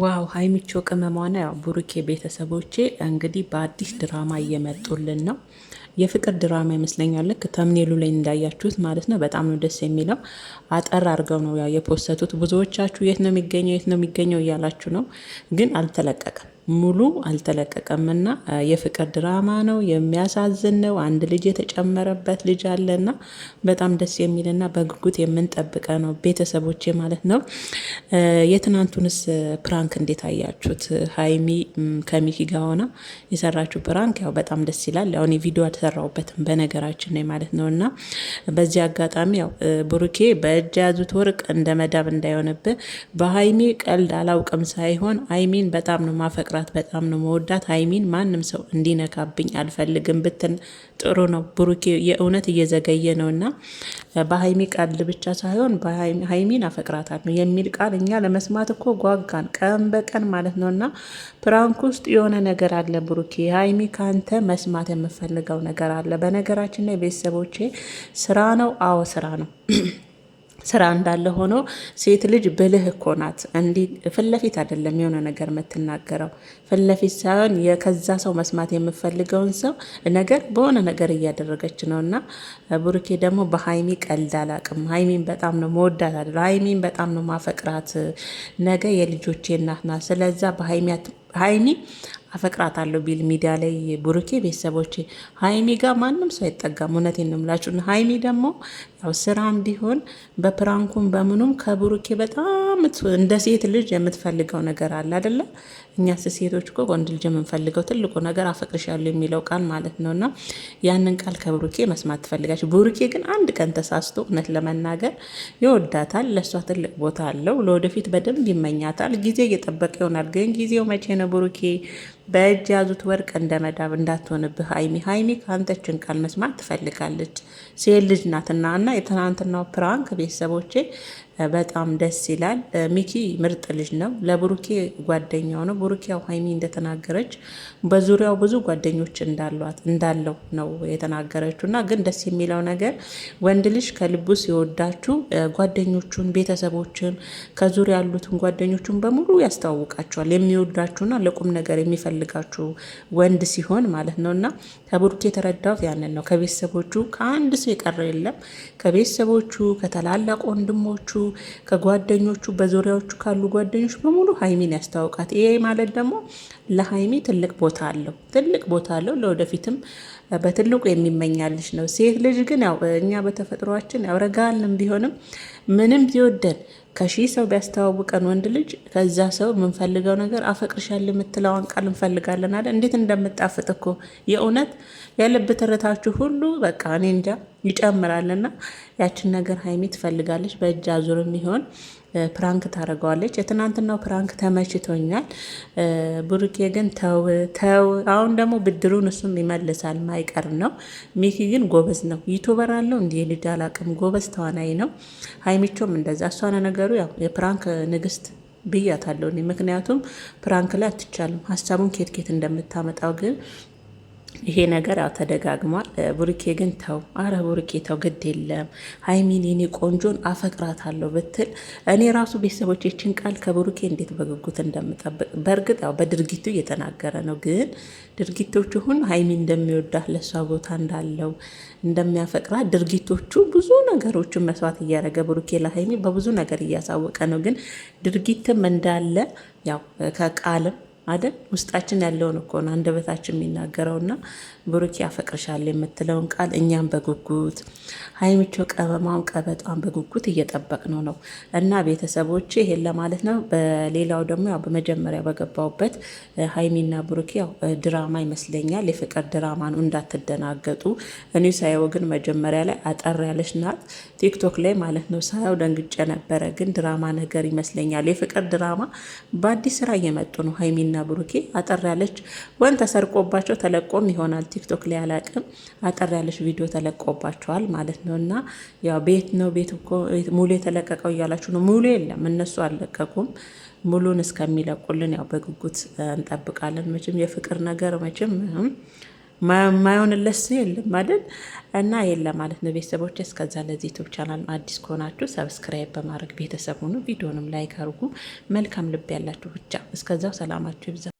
ዋው ሀይሚቾ ቅመሟና ያው ቡሩኬ ቤተሰቦቼ እንግዲህ በአዲስ ድራማ እየመጡልን ነው። የፍቅር ድራማ ይመስለኛል። ልክ ተምኔሉ ላይ እንዳያችሁት ማለት ነው። በጣም ነው ደስ የሚለው። አጠር አድርገው ነው ያው የፖሰቱት። ብዙዎቻችሁ የት ነው የሚገኘው የት ነው የሚገኘው እያላችሁ ነው፣ ግን አልተለቀቀም ሙሉ አልተለቀቀምና የፍቅር ድራማ ነው። የሚያሳዝን ነው። አንድ ልጅ የተጨመረበት ልጅ አለና በጣም ደስ የሚልና በጉጉት የምንጠብቀ ነው ቤተሰቦቼ ማለት ነው። የትናንቱንስ ፕራንክ እንዴት አያችሁት? ሀይሚ ከሚኪ ጋሆና ሆና የሰራችሁ ፕራንክ ያው በጣም ደስ ይላል። አሁን ቪዲዮ አልሰራሁበትም በነገራችን ላይ ማለት ነው። እና በዚህ አጋጣሚ ያው ብሩኬ በእጅ ያዙት ወርቅ እንደ መዳብ እንዳይሆንብህ በሀይሚ ቀልድ አላውቅም ሳይሆን ሀይሚን በጣም ነው ማፈቅ ማፈቅራት በጣም ነው መወዳት። ሀይሚን ማንም ሰው እንዲነካብኝ አልፈልግም ብትን ጥሩ ነው። ብሩኬ የእውነት እየዘገየ ነው እና በሀይሚ ቃል ብቻ ሳይሆን ሀይሚን ነው የሚል ቃል እኛ ለመስማት እኮ ጓጋን ቀን በቀን ማለት ነው። እና ፕራንክ ውስጥ የሆነ ነገር አለ ብሩኬ። ሀይሚ ከአንተ መስማት የምፈልገው ነገር አለ። በነገራችን ላይ ቤተሰቦቼ ስራ ነው። አዎ ስራ ነው። ስራ እንዳለ ሆኖ ሴት ልጅ ብልህ እኮ ናት። እንዲህ ፊት ለፊት አይደለም የሆነ ነገር የምትናገረው፣ ፊት ለፊት ሳይሆን ከዛ ሰው መስማት የምፈልገውን ሰው ነገር በሆነ ነገር እያደረገች ነው። እና ቡርኬ ደግሞ በሀይሚ ቀልድ አላቅም። ሀይሚን በጣም ነው መወዳት አለ ሀይሚን በጣም ነው ማፈቅራት። ነገ የልጆቼ እናት ናት። ስለዛ በሀይሚ ሀይሚ አፈቅራታለሁ ቢል ሚዲያ ላይ ብሩኬ ቤተሰቦቼ ሀይሚ ጋር ማንም ሰው አይጠጋም። እውነቴን ነው የምላችሁ። ሀይሚ ደግሞ ያው ስራም ቢሆን በፕራንኩም በምኑም ከብሩኬ በጣም እንደ ሴት ልጅ የምትፈልገው ነገር አለ አደለ? እኛ ሴቶች እኮ ወንድ ልጅ የምንፈልገው ትልቁ ነገር አፈቅርሻለሁ የሚለው ቃል ማለት ነው። እና ያንን ቃል ከብሩኬ መስማት ትፈልጋች። ብሩኬ ግን አንድ ቀን ተሳስቶ እውነት ለመናገር ይወዳታል፣ ለእሷ ትልቅ ቦታ አለው፣ ለወደፊት በደንብ ይመኛታል። ጊዜ እየጠበቀ ይሆናል። ግን ጊዜው መቼ ነው ብሩኬ? በእጅ ያዙት ወርቅ እንደ መዳብ እንዳትሆንብህ ሀይሚ። ሀይሚ ከአንተችን ቃል መስማት ትፈልጋለች። ሴት ልጅ ናትና እና የትናንትናው ፕራንክ ቤተሰቦቼ በጣም ደስ ይላል። ሚኪ ምርጥ ልጅ ነው። ለብሩኬ ጓደኛው ነው። ብሩኬ ያው ሀይሚ እንደተናገረች በዙሪያው ብዙ ጓደኞች እንዳሏት እንዳለው ነው የተናገረችው እና ግን ደስ የሚለው ነገር ወንድ ልጅ ከልቡ ሲወዳችሁ ጓደኞቹን፣ ቤተሰቦችን፣ ከዙሪያ ያሉትን ጓደኞቹን በሙሉ ያስተዋውቃቸዋል። የሚወዳችሁና ለቁም ነገር የሚፈ የሚያስፈልጋችሁ ወንድ ሲሆን ማለት ነው። እና ከብሩክ የተረዳሁት ያንን ነው። ከቤተሰቦቹ ከአንድ ሰው የቀረ የለም። ከቤተሰቦቹ፣ ከታላላቅ ወንድሞቹ፣ ከጓደኞቹ፣ በዙሪያዎቹ ካሉ ጓደኞች በሙሉ ሀይሚን ያስታውቃት። ይሄ ማለት ደግሞ ለሀይሚ ትልቅ ቦታ አለው፣ ትልቅ ቦታ አለው። ለወደፊትም በትልቁ የሚመኛልሽ ነው። ሴት ልጅ ግን ያው እኛ በተፈጥሯችን ያው ቢሆንም ምንም ቢወደን ከሺህ ሰው ቢያስተዋውቀን ወንድ ልጅ ከዛ ሰው የምንፈልገው ነገር አፈቅርሻል የምትለዋን ቃል እንፈልጋለን አለ። እንዴት እንደምጣፍጥ እኮ የእውነት የልብ ትርታችሁ ሁሉ በቃ እኔ እንጃ ይጨምራልና ያችን ነገር ሀይሚ ትፈልጋለች። በእጅ አዙርም ይሆን ፕራንክ ታደርገዋለች። የትናንትናው ፕራንክ ተመችቶኛል። ብሩኬ ግን ተው ተው። አሁን ደግሞ ብድሩን እሱም ይመልሳል ማይቀር ነው። ሚኪ ግን ጎበዝ ነው፣ ዩቱበር አለው እንዲህ ልጅ አላቅም፣ ጎበዝ ተዋናይ ነው። ሀይሚቾም እንደዛ እሷነ ነገሩ ያው የፕራንክ ንግስት ብያታለሁ። ምክንያቱም ፕራንክ ላይ አትቻልም፣ ሀሳቡን ኬትኬት እንደምታመጣው ግን ይሄ ነገር ያው ተደጋግሟል። ቡርኬ ግን ተው፣ አረ ቡርኬ ተው፣ ግድ የለም ሀይሚን የኔ ቆንጆን አፈቅራታለሁ ብትል እኔ ራሱ ቤተሰቦችን ቃል ከቡርኬ እንዴት በጉጉት እንደምጠብቅ በእርግጥ ያው በድርጊቱ እየተናገረ ነው። ግን ድርጊቶቹ ሁን ሀይሚን እንደሚወዳት ለእሷ ቦታ እንዳለው እንደሚያፈቅራት ድርጊቶቹ ብዙ ነገሮችን መስዋዕት እያደረገ ቡርኬ ለሀይሚ በብዙ ነገር እያሳወቀ ነው። ግን ድርጊትም እንዳለ ያው ከቃልም አይደል ውስጣችን ያለውን እኮ ነው አንደበታችን የሚናገረውና ብሩክ ያፈቅርሻል የምትለውን ቃል እኛም በጉጉት ሀይምቾ ቀበማውን ቀበጣን በጉጉት እየጠበቅ ነው። እና ቤተሰቦች ይሄን ለማለት ነው። በሌላው ደግሞ ያው በመጀመሪያ በገባውበት ሀይሚና ብሩክ ያው ድራማ ይመስለኛል የፍቅር ድራማ ነው፣ እንዳትደናገጡ። እኔ ሳየው ግን መጀመሪያ ላይ አጠር ያለች ናት፣ ቲክቶክ ላይ ማለት ነው። ሳየው ደንግጬ ነበረ፣ ግን ድራማ ነገር ይመስለኛል የፍቅር ድራማ። በአዲስ ስራ እየመጡ ነው ሀይሚና ሀይሚና ብሩኬ አጠር ያለች ወን ተሰርቆባቸው ተለቆም ይሆናል ቲክቶክ ላይ አላቅም። አጠር ያለች ቪዲዮ ተለቆባቸዋል ማለት ነው። እና ያው ቤት ነው ቤት እኮ ሙሉ የተለቀቀው እያላችሁ ነው። ሙሉ የለም እነሱ አልለቀቁም። ሙሉን እስከሚለቁልን ያው በጉጉት እንጠብቃለን። መቼም የፍቅር ነገር መቼም ማይሆንለት የለም ማለት እና የለ ማለት ነው። ቤተሰቦች እስከዛ ለዚህ ዩቱብ ቻናል አዲስ ከሆናችሁ ሰብስክራይብ በማድረግ ቤተሰብ ሁኑ። ቪዲዮንም ላይክ አርጉ። መልካም ልብ ያላችሁ ብቻ። እስከዛው ሰላማችሁ ይብዛ።